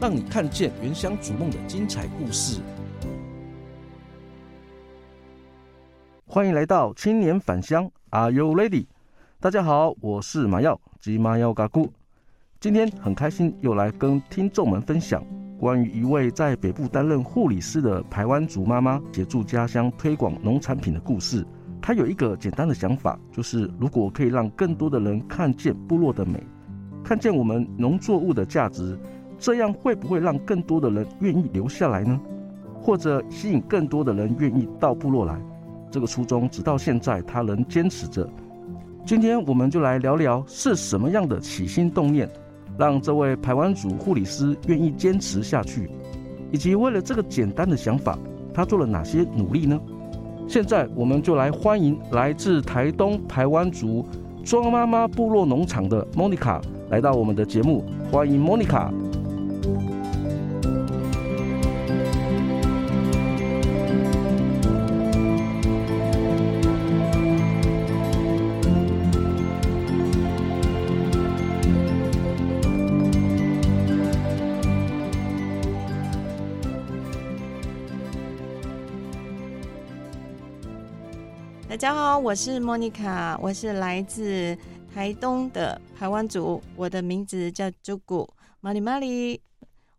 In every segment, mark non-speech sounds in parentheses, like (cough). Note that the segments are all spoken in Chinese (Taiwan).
讓你看見原鄉逐夢的精彩故事。歡迎來到青年返鄉，Are you ready？大家好，我是馬耀及馬耀嘎姑。今天很開心又來跟聽眾們分享關於一位在北部擔任護理師的排灣族媽媽，協助家鄉推廣農產品的故事。她有一個簡單的想法，就是如果可以讓更多的人看見部落的美，看見我們農作物的價值。這樣會不會讓更多的人願意留下來呢？或者吸引更多的人願意到部落來？這個初衷直到現在，他仍堅持着。今天我們就來聊聊是什麼樣的起心動念，讓這位排灣族護理師願意堅持下去，以及為了這個簡單的想法，他做了哪些努力呢？現在我們就來歡迎來自台東排灣族莊媽媽部落農場的 Monica 來到我們的節目，歡迎 Monica。大家好，我是莫妮卡，我是來自台東的台灣族，我的名字叫朱古瑪里瑪里，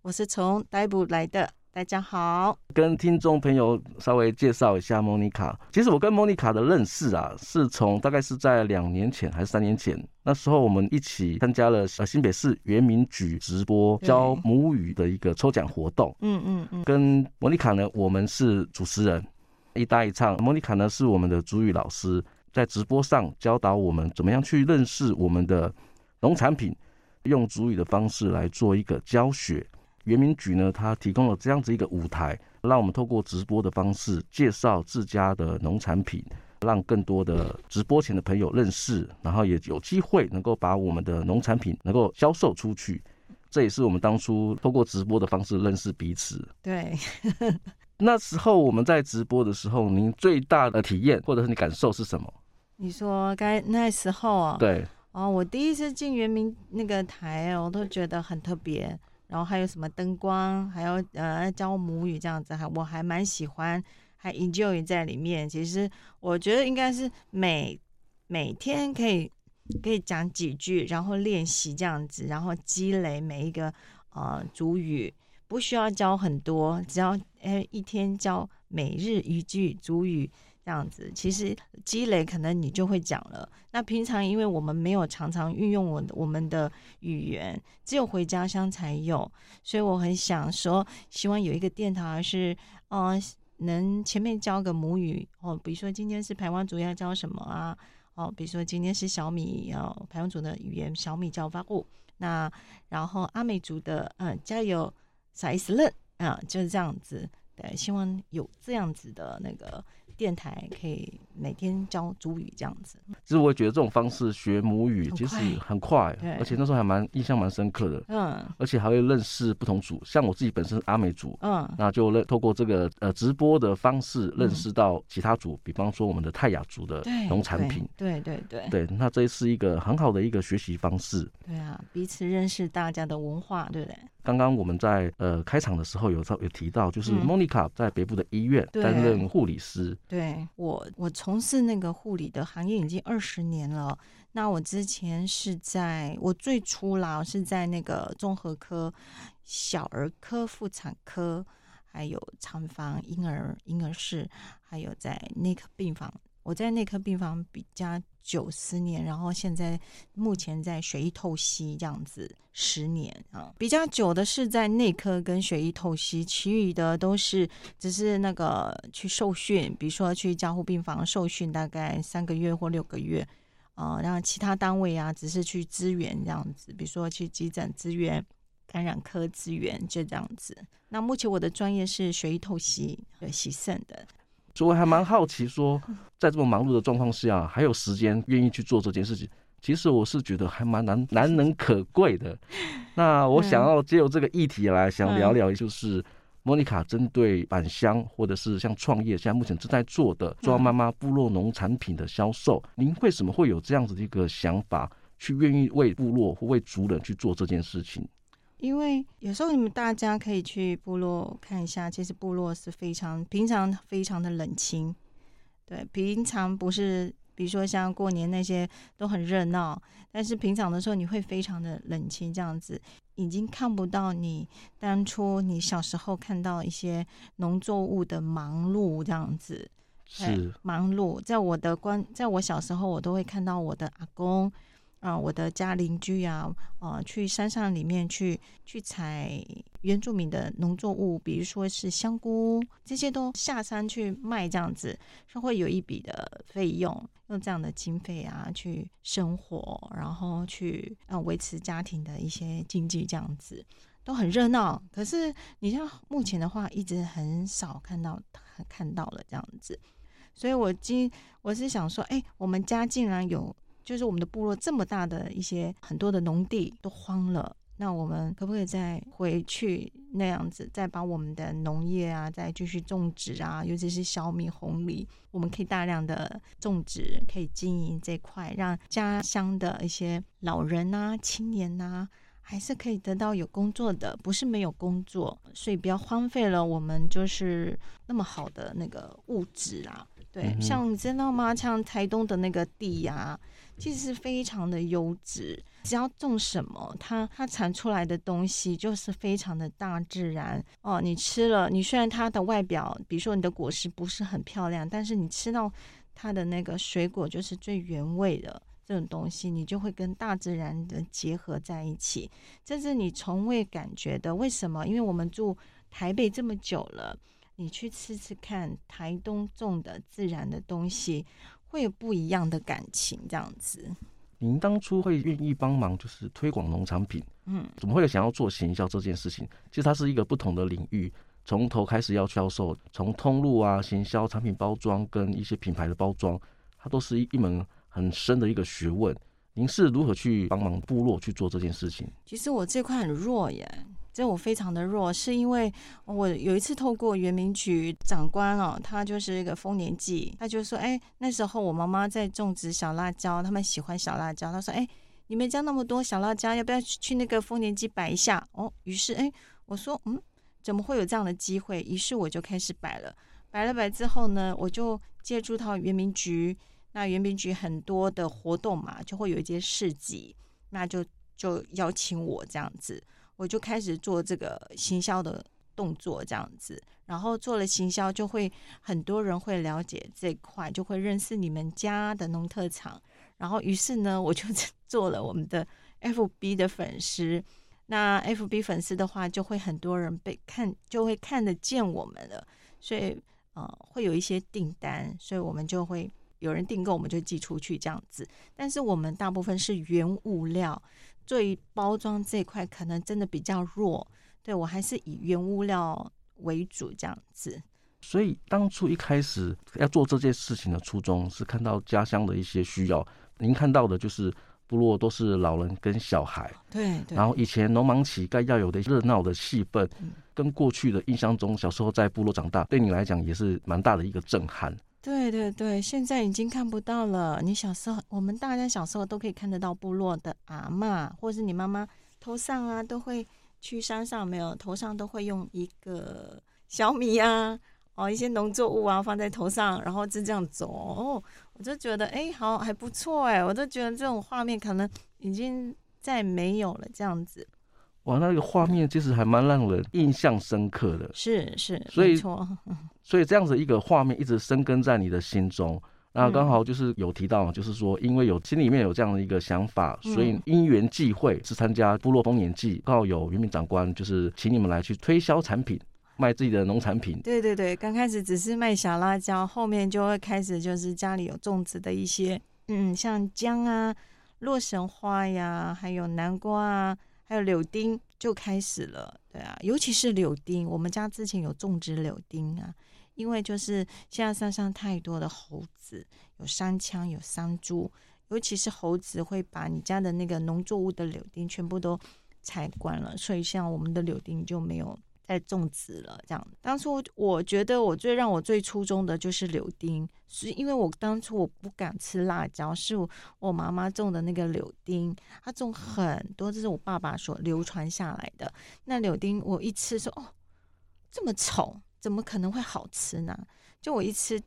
我是從代 b 來的。大家好，跟聽眾朋友稍微介紹一下莫妮卡。其實我跟莫妮卡的認識啊，是從大概是在兩年前還是三年前，那時候我們一起參加了呃新北市原民局直播教母語的一個抽獎活動。嗯嗯嗯，跟莫妮卡呢，我們是主持人，一搭一唱，莫妮卡呢是我們的族語老師，在直播上教導我們怎麼樣去認識我們的農產品，用族語的方式來做一個教學。原民局呢，他提供了這樣子一個舞台，讓我們透過直播的方式介紹自家的農產品，讓更多的直播前的朋友認識，然後也有機會能夠把我們的農產品能夠銷售出去。這也是我們當初透過直播的方式認識彼此。對。 (laughs) 那時候我們在直播的時候，您最大的體驗或者是你感受是什麼？你說，剛那時候啊，對，哦、呃，我第一次進原民那個台，我都覺得很特別。然後還有什麼燈光，還有呃教母語這樣子，還我還蠻喜歡，還 enjoy 在裡面。其實我覺得應該是每每天可以可以講幾句，然後練習這樣子，然後積累每一個呃主語，不需要教很多，只要。哎、欸，一天教每日一句族語這樣子，其實積累可能你就會講了。那平常因為我們沒有常常運用我我們的語言，只有回家鄉才有，所以我很想說，希望有一個電台是，呃，能前面教個母語哦，比如說今天是排灣族要教什麼啊？哦，比如說今天是小米哦，排灣族的語言小米叫發布。那然後阿美族的嗯、呃、加油啥意思嘞？啊、嗯，就是這樣子。對，希望有這樣子的那個電台，可以每天教族語這樣子。其實我覺得這種方式學母語其實很快，很快，而且那時候還蠻印象蠻深刻的。嗯，而且還會認識不同族，像我自己本身是阿美族，嗯，那就透過這個呃直播的方式，認識到其他族，嗯，比方說我們的泰雅族的農產品。對對對，對，對。對，那這是一,一個很好的一個學習方式。對啊，彼此認識大家的文化，對不對？剛剛我們在呃開場的時候有有提到，就是 Monica 在北部的醫院擔任護理師。嗯、對，對，我，我從事那個護理的行業已經二十年了。那我之前是在我最初啦是在那個綜合科、小兒科、婦產科，還有產房、嬰兒嬰兒室，還有在內科病房。我在內科病房比較久，四年，然後現在目前在血液透析這樣子十年啊，比較久的是在內科跟血液透析，其餘的都是只是那個去受訓，比如說去加護病房受訓大概三個月或六個月，啊，然後其他單位啊只是去支援這樣子，比如說去急診支援、感染科支援就這樣子。那目前我的專業是血液透析、洗腎的。所以我還蠻好奇，說在這麼忙碌的狀況下，還有時間願意去做這件事情，其實我是覺得還蠻難，難難能可貴的。那我想要借由這個議題來想聊聊，就是 Monica 針對返鄉或者是像創業，現在目前正在做的“莊媽媽部落農產品”的銷售，您為什麼會有這樣子的一個想法，去願意為部落或為族人去做這件事情？因為有時候你們大家可以去部落看一下，其實部落是非常平常、非常的冷清。對，平常不是，比如說像過年那些都很熱鬧，但是平常的時候你會非常的冷清，這樣子已經看不到你當初你小時候看到一些農作物的忙碌這樣子。是、哎、忙碌，在我的關在我小時候，我都會看到我的阿公。啊、呃，我的家鄰居啊，啊、呃，去山上裡面去去採原住民的農作物，比如說是香菇，這些都下山去賣，這樣子是會有一筆的費用，用這樣的經費啊去生活，然後去啊呃、維持家庭的一些經濟，這樣子都很熱鬧。可是你像目前的話，一直很少看到看到了這樣子，所以我今我是想說，哎、欸，我們家竟然有。就是我們的部落這麼大的一些很多的農地都荒了，那我們可不可以再回去那樣子，再把我們的農業啊，再繼續種植啊，尤其是小米、紅米，我們可以大量的種植，可以經營這塊，讓家鄉的一些老人啊、青年吶、啊，還是可以得到有工作的，不是沒有工作，所以不要荒廢了我們就是那麼好的那個物質啊。對，嗯、像你知道嗎？像台東的那個地啊。其實是非常的優質，只要種什麼，它它產出來的東西就是非常的大自然哦。你吃了，你雖然它的外表，比如說你的果實不是很漂亮，但是你吃到它的那個水果就是最原味的這種東西，你就會跟大自然的結合在一起，這是你從未感覺的。為什麼？因為我們住台北這麼久了，你去吃吃看台東種的自然的東西。會有不一樣的感情，這樣子。您當初會願意幫忙，就是推廣農產品，嗯，怎麼會想要做行銷這件事情？其實它是一個不同的領域，從頭開始要銷售，從通路啊、行銷產品包裝跟一些品牌的包裝，它都是一一門很深的一個學問。您是如何去幫忙部落去做這件事情？其實我這塊很弱耶。所以我非常的弱，是因為我有一次透過原民局長官哦，他就是一個豐年祭，他就說，哎，那時候我媽媽在種植小辣椒，他們喜歡小辣椒，他說，哎，你們家那麼多小辣椒，要不要去那個豐年祭擺一下？哦，於是，哎，我說，嗯，怎麼會有這樣的機會？於是我就開始擺了，擺了擺之後呢，我就借助到原民局，那原民局很多的活動嘛，就會有一些市集，那就就邀請我這樣子。我就開始做這個行銷的動作，這樣子，然後做了行銷，就會很多人會了解這塊，就會認識你們家的農特產。然後，於是呢，我就做了我們的 FB 的粉絲。那 FB 粉絲的話，就會很多人被看，就會看得見我們了，所以，呃，會有一些訂單，所以我們就會有人訂購，我們就寄出去這樣子。但是，我們大部分是原物料。對於包裝這塊，可能真的比較弱。對我還是以原物料為主這樣子。所以當初一開始要做這件事情的初衷，是看到家鄉的一些需要。您看到的就是部落都是老人跟小孩，哦、對,對。然後以前農忙期該要有的熱鬧的氣氛，跟過去的印象中小時候在部落長大，對你來講也是蠻大的一個震撼。對對對，現在已經看不到了。你小時候，我們大家小時候都可以看得到部落的阿嬤，或是你媽媽頭上啊，都會去山上有沒有，頭上都會用一個小米啊，哦，一些農作物啊放在頭上，然後就這樣走。哦、我就覺得，哎、欸，好還不錯哎、欸，我就覺得這種畫面可能已經再沒有了這樣子。哇，那個畫面其實還蠻讓人印象深刻的，是、嗯、是，所以沒錯，所以這樣子一個畫面一直生根在你的心中。嗯、那剛好就是有提到，就是說因為有心裡面有這樣的一個想法，嗯、所以因緣際會是參加部落豐年祭，剛、嗯、好有原民長官就是請你們來去推銷產品，賣自己的農產品。對對對，剛開始只是賣小辣椒，後面就會開始就是家裡有種植的一些，嗯，像薑啊、洛神花呀，還有南瓜啊。還有柳丁就開始了，對啊，尤其是柳丁，我們家之前有種植柳丁啊，因為就是現在山上太多的猴子，有山羌、有山豬，尤其是猴子會把你家的那個農作物的柳丁全部都採光了，所以像我們的柳丁就沒有在種植了這樣，當初我覺得我最讓我最初衷的就是柳丁，是因為我當初我不敢吃辣椒，是我媽媽種的那個柳丁，她種很多，這是我爸爸所流傳下來的。那柳丁我一吃說哦，這麼醜，怎麼可能會好吃呢？就我一吃，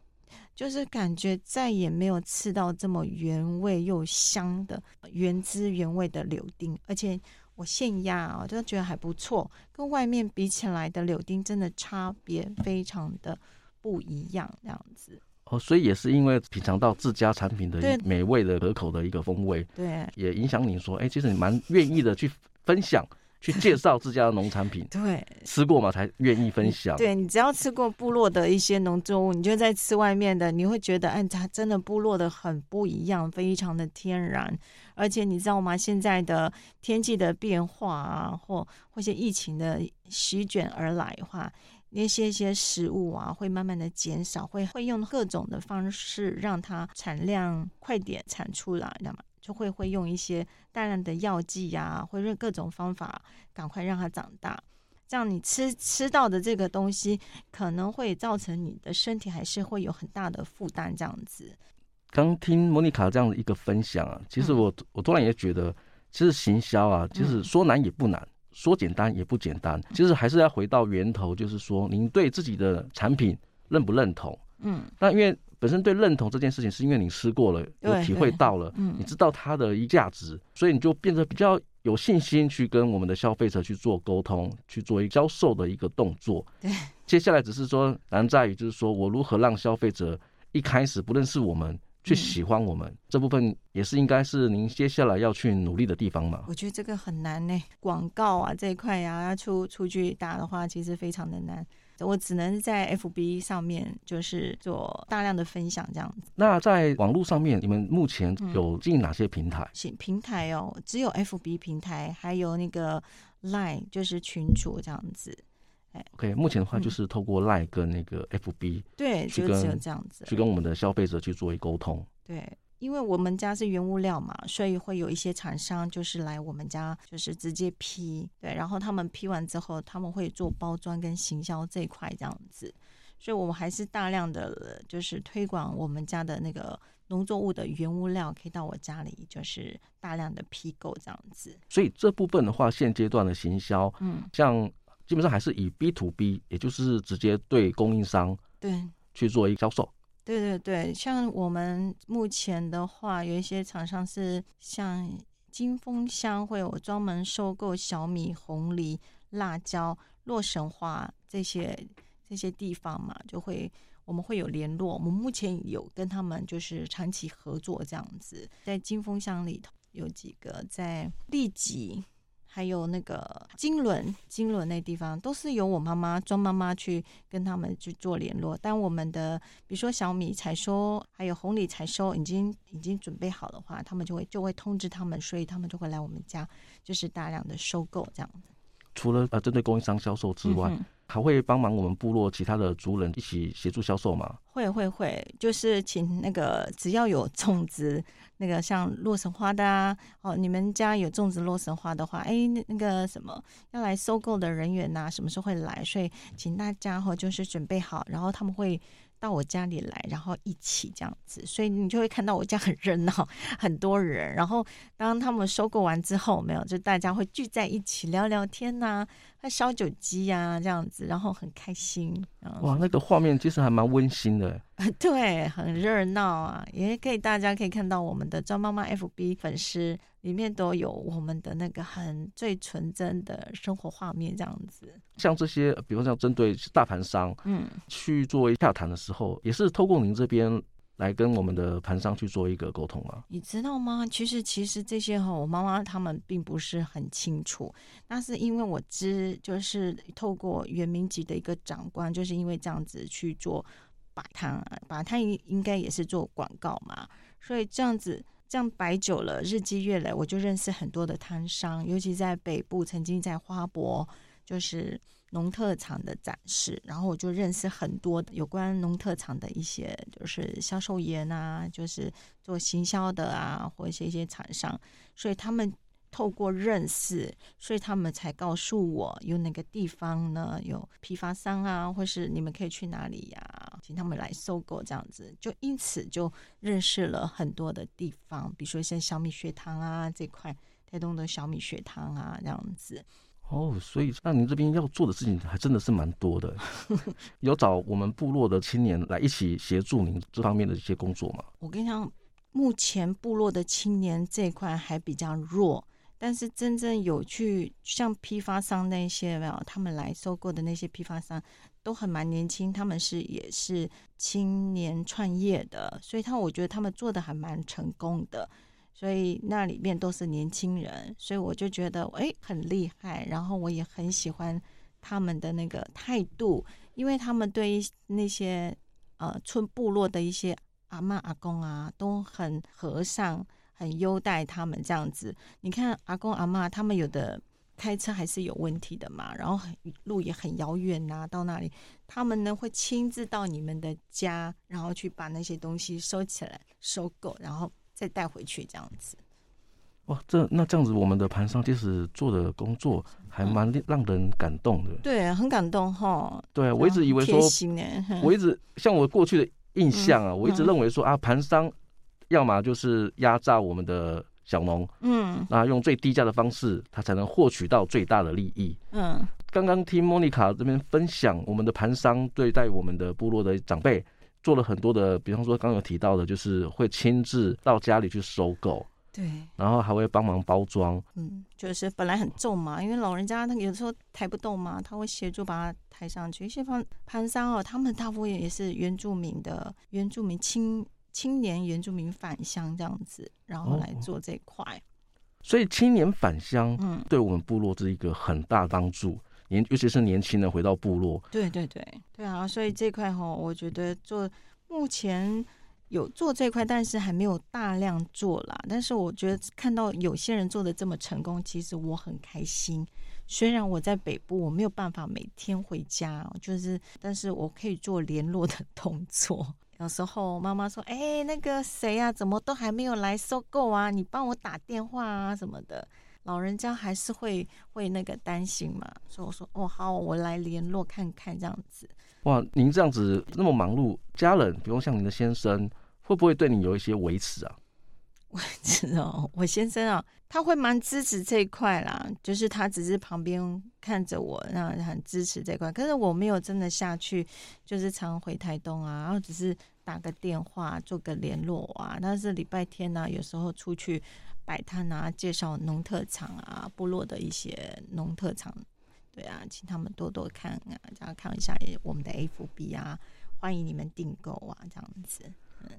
就是感覺再也沒有吃到這麼原味又香的原汁原味的柳丁，而且。我現壓啊，真的覺得還不錯，跟外面比起來的柳丁真的差別非常的不一樣，這樣子。哦，所以也是因為品嘗到自家產品的美味的可口的一個風味，對，也影響你說，哎、欸，其實你蠻願意的去分享。去介紹自家的農產品， (laughs) 對，吃過嘛，才願意分享。對，你只要吃過部落的一些農作物，你就在吃外面的，你會覺得，哎，它真的部落的很不一樣，非常的天然。而且你知道嗎？現在的天氣的變化啊，或或些疫情的席捲而來的話，那些一些食物啊會慢慢的減少，會會用各種的方式讓它產量快點產出來，你知道嗎？就會會用一些大量的藥劑呀、啊，或者各種方法，趕快讓它長大。這樣你吃吃到的這個東西，可能會造成你的身體還是會有很大的負擔。這樣子，剛聽莫妮卡這樣的一個分享啊，其實我、嗯、我突然也覺得，其實行銷啊，其、就是說難也不難、嗯，說簡單也不簡單。其實還是要回到源頭，就是說您對自己的產品認不認同？嗯，那因為本身對認同這件事情，是因為你吃過了，有體會到了，嗯，你知道它的一價值、嗯，所以你就變得比較有信心去跟我們的消費者去做溝通，去做一個銷售的一個動作。對，接下來只是說難在於，就是說我如何讓消費者一開始不認識我們，去喜歡我們、嗯、這部分，也是應該是您接下來要去努力的地方嘛。我覺得這個很難嘞，廣告啊這一塊呀、啊，要出出去打的話，其實非常的難。我只能在 FB 上面，就是做大量的分享這樣子。那在網絡上面，你們目前有進哪些平台？平台哦，只有 FB 平台，還有那個 Line 就是群組，這樣子。哎，OK，目前的話就是透過 Line 跟那個 FB、嗯、對，去跟就只有這樣子去跟我們的消費者去做一溝通。對。因為我們家是原物料嘛，所以會有一些廠商就是來我們家，就是直接批，對，然後他們批完之後，他們會做包裝跟行銷這一塊這樣子，所以我們還是大量的就是推廣我們家的那個農作物的原物料，可以到我家裡就是大量的批購這樣子。所以這部分的話，現階段的行銷，嗯，像基本上還是以 B to B，也就是直接對供應商，對，去做一個銷售。對對對，像我們目前的話，有一些廠商是像金峰鄉會有專門收購小米紅梨、辣椒、洛神花這些這些地方嘛，就會我們會有聯絡，我們目前有跟他們就是長期合作這樣子，在金峰鄉裡頭有幾個在立即。還有那個金崙，金崙那地方，都是由我媽媽、莊媽媽去跟他們去做聯絡。但我們的，比如說小米採收，還有紅藜採收，已經已經準備好的話，他們就會就會通知他們，所以他們就會來我們家，就是大量的收購這樣。除了呃，針對供應商銷售之外，嗯還會幫忙我們部落其他的族人一起協助銷售嗎？會會會，就是請那個只要有種植那個像洛神花的、啊、哦，你們家有種植洛神花的話，哎、欸，那個什麼要來收購的人員啊，什麼時候會來？所以請大家伙、哦、就是準備好，然後他們會。到我家裡來，然後一起這樣子，所以你就會看到我家很熱鬧，很多人。然後當他們收購完之後，沒有，就大家會聚在一起聊聊天吶、啊，還燒酒雞呀、啊、這樣子，然後很開心。嗯、哇，那個畫面其實還蠻溫馨的， (laughs) 對，很熱鬧啊，也可以大家可以看到我們的莊媽媽 FB 粉絲。裡面都有我們的那個很最純真的生活畫面，這樣子。像這些，比如說像針對大盤商，嗯，去做一下談的時候，也是透過您這邊來跟我們的盤商去做一個溝通啊。你知道嗎？其實其實這些哈，我媽媽他們並不是很清楚，那是因為我知道就是透過原民集的一個長官，就是因為這樣子去做擺攤，擺攤應該也是做廣告嘛，所以這樣子。這樣擺久了，日積月累，我就認識很多的攤商，尤其在北部，曾經在花博，就是農特產的展示，然後我就認識很多有關農特產的一些就是銷售員啊，就是做行銷的啊，或者一些廠商，所以他們。透過認識，所以他們才告訴我有哪個地方呢，有批發商啊，或是你們可以去哪裡呀，啊？請他們來收購這樣子，就因此就認識了很多的地方，比如說像小米學堂啊這塊，台東的小米學堂啊這樣子。哦，所以那您這邊要做的事情還真的是蠻多的， (laughs) 有找我們部落的青年來一起協助您這方面的一些工作嗎？我跟你講，目前部落的青年這一塊還比較弱。但是真正有去像批發商那些沒有，他們來收購的那些批發商，都很蠻年輕，他們是也是青年創業的，所以他我覺得他們做的還蠻成功的，所以那裡面都是年輕人，所以我就覺得誒、欸、很厲害，然後我也很喜歡他們的那個態度，因為他們對那些呃村部落的一些阿嬤阿公啊都很和善。很優待他們這樣子，你看阿公阿媽他們有的開車還是有問題的嘛，然後路也很遙遠吶，到那裡他們呢會親自到你們的家，然後去把那些東西收起來收購，然後再帶回去這樣子。哇，這那這樣子，我們的盤商其實做的工作還蠻讓人感動的。嗯、對，很感動哈、哦。對，我一直以為說，我一直像我過去的印象啊，嗯嗯、我一直認為說啊，盤商。要麼就是壓榨我們的小農，嗯，那、啊、用最低價的方式，他才能獲取到最大的利益。嗯，剛剛聽 Monica 這邊分享，我們的盤商對待我們的部落的長輩做了很多的，比方說剛有提到的，就是會親自到家裡去收購，對，然後還會幫忙包裝，嗯，就是本來很重嘛，因為老人家他有時候抬不動嘛，他會協助把它抬上去。一些方盤商哦，他們大部分也是原住民的，原住民親。青年原住民返鄉這樣子，然後來做這塊、哦，所以青年返鄉，嗯，對我們部落是一個很大幫助。年、嗯、尤其是年輕人回到部落，對對對，對啊。所以這塊吼，我覺得做目前有做這塊，但是還沒有大量做啦。但是我覺得看到有些人做的這麼成功，其實我很開心。雖然我在北部，我沒有辦法每天回家，就是，但是我可以做聯絡的動作。有時候媽媽說：“哎、欸，那個誰呀、啊，怎麼都還沒有來收購啊？你幫我打電話啊什麼的。”老人家還是會會那個擔心嘛，所以我說：“哦，好，我來聯絡看看這樣子。”哇，您這樣子那麼忙碌，家人，比如像您的先生，會不會對你有一些微詞啊？我知道我先生啊，他會蠻支持這一塊啦，就是他只是旁邊看着我，然後很支持這塊。可是我沒有真的下去，就是常回台東啊，然後只是打個電話做個聯絡啊。但是禮拜天呢、啊，有時候出去擺攤啊，介紹農特產啊，部落的一些農特產，對啊，請他們多多看啊，然後看一下我們的 FB 啊，歡迎你們訂購啊，這樣子。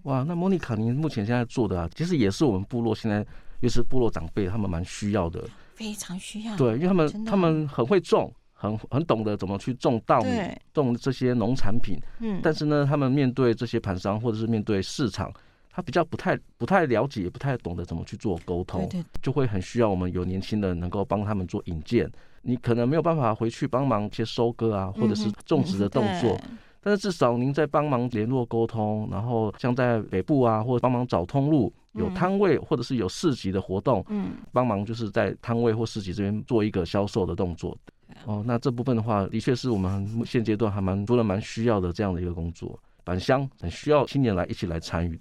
哇，那莫妮卡，您目前現在做的啊，其實也是我們部落現在尤其是部落長輩，他們蠻需要的，非常需要。對，因為他們他們很會種，很很懂得怎麼去種稻米、種這些農產品。嗯，但是呢，他們面對這些盤商或者是面對市場，他比較不太不太了解，也不太懂得怎麼去做溝通，對對對，就會很需要我們有年輕人能夠幫他們做引薦。你可能沒有辦法回去幫忙去收割啊，或者是種植的動作。嗯但是至少您在幫忙聯絡溝通，然後像在北部啊，或幫忙找通路，有攤位或者是有市集的活動，嗯，幫忙就是在攤位或市集這邊做一個銷售的動作。嗯。哦，那這部分的話，的確是我們現階段還蠻多人蠻需要的這樣的一個工作，返鄉很需要青年來一起來參與。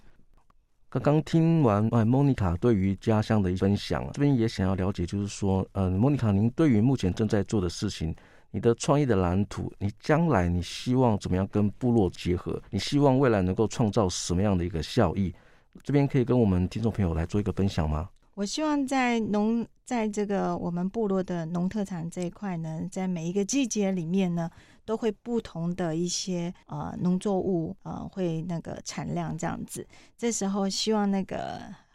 剛剛聽完，哎，莫妮卡對於家鄉的一分享，這邊也想要了解，就是說，嗯、呃，莫妮卡，您對於目前正在做的事情，你的創業的藍圖，你將來你希望怎麼樣跟部落結合？你希望未來能夠創造什麼樣的一個效益？這邊可以跟我們聽眾朋友來做一個分享嗎？我希望在農，在這個我們部落的農特產這一塊呢，在每一個季節裡面呢，都會不同的一些呃，農作物啊，呃，會那個產量這樣子。這時候希望那個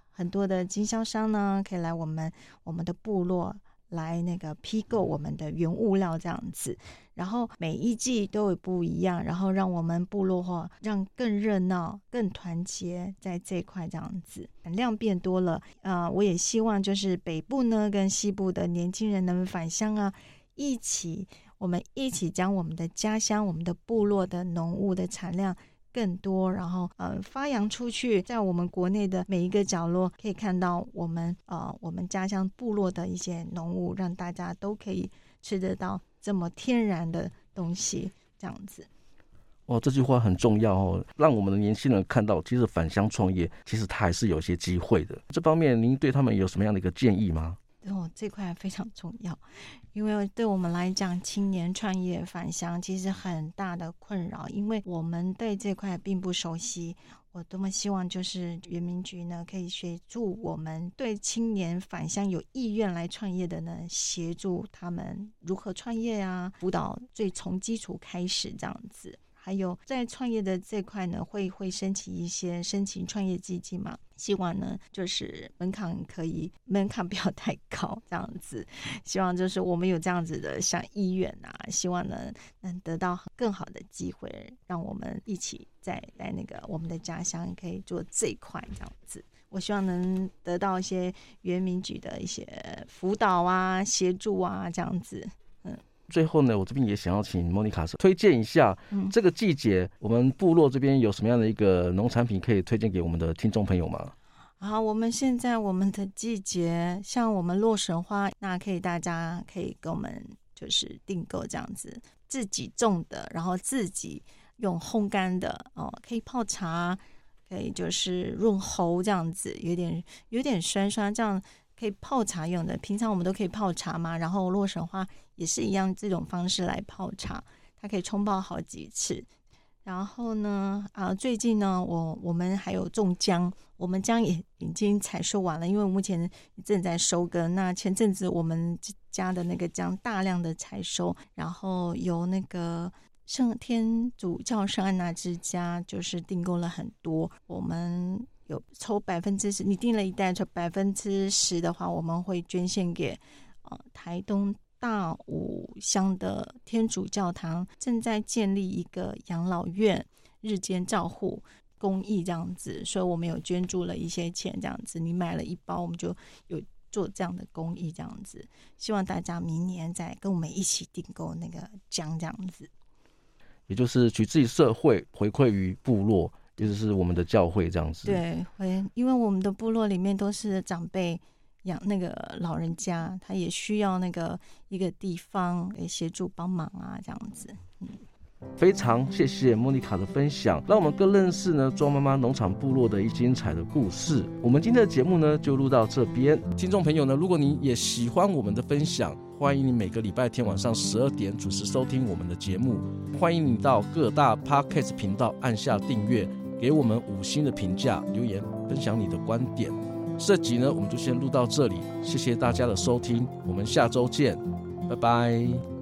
很多的經銷商呢，可以來我們，我們的部落，來那個批購我們的原物料這樣子，然後每一季都有不一樣，然後讓我們部落化，讓更熱鬧、更團結，在這塊這樣子，量變多了。啊、呃，我也希望就是北部呢跟西部的年輕人能返鄉啊，一起我們一起將我們的家鄉、我們的部落的農物的產量更多，然後呃發揚出去，在我們國內的每一個角落可以看到我們呃我們家鄉部落的一些農物，讓大家都可以吃得到這麼天然的東西，這樣子。哦，這句話很重要哦，讓我們的年輕人看到，其實返鄉創業，其實他還是有些機會的。這方面，您對他們有什麼樣的一個建議嗎？哦，這塊非常重要，因為對我們來講，青年創業返鄉其實很大的困擾，因為我們對這塊並不熟悉。我多麼希望就是原民局呢，可以協助我們對青年返鄉有意願來創業的呢，協助他們如何創業啊，輔導最從基礎開始這樣子。還有在創業的這塊呢，會會申請一些申請創業基金嗎？希望呢，就是門檻可以門檻不要太高，這樣子。希望就是我們有這樣子的，像醫院啊，希望能能得到更好的機會，讓我們一起在在那個我們的家鄉可以做這一塊，這樣子。我希望能得到一些原民局的一些輔導啊、協助啊，這樣子，嗯。最後呢，我這邊也想要請莫妮卡斯推薦一下這個季節、嗯、我們部落這邊有什麼樣的一個農產品可以推薦給我們的聽眾朋友嗎？好，我們現在我們的季節像我們洛神花，那可以大家可以給我們就是訂購這樣子，自己種的，然後自己用烘乾的哦，可以泡茶，可以就是潤喉這樣子，有點有點酸酸這樣。可以泡茶用的，平常我們都可以泡茶嘛。然後洛神花也是一樣，這種方式來泡茶，它可以沖泡好幾次。然後呢，啊，最近呢，我我們還有種薑，我們薑也已經採收完了，因為目前正在收割。那前陣子我們家的那個薑大量的採收，然後由那個聖天主教聖安娜之家就是訂購了很多我們。有抽百分之十，你訂了一袋抽百分之十的話，我們會捐獻給呃台東大武鄉的天主教堂，正在建立一個養老院日間照護公益這樣子，所以我們有捐助了一些錢這樣子。你買了一包，我們就有做這樣的公益這樣子，希望大家明年再跟我們一起訂購那個薑這樣子，也就是取自於社會回饋於部落。就是我們的教會這樣子。對，會因為我們的部落裡面都是長輩養那個老人家，他也需要那個一個地方來協助幫忙啊，這樣子。嗯，非常謝謝莫妮卡的分享，讓我們更認識呢莊媽媽農場部落的一精彩的故事。我們今天的節目呢就錄到這邊，聽眾朋友呢，如果你也喜歡我們的分享，歡迎你每個禮拜天晚上十二點準時收聽我們的節目，歡迎你到各大 Podcast 頻道按下訂閱。給我們五星的評價，留言，分享你的觀點。這集呢，我們就先錄到這裡，謝謝大家的收聽，我們下周見，拜拜。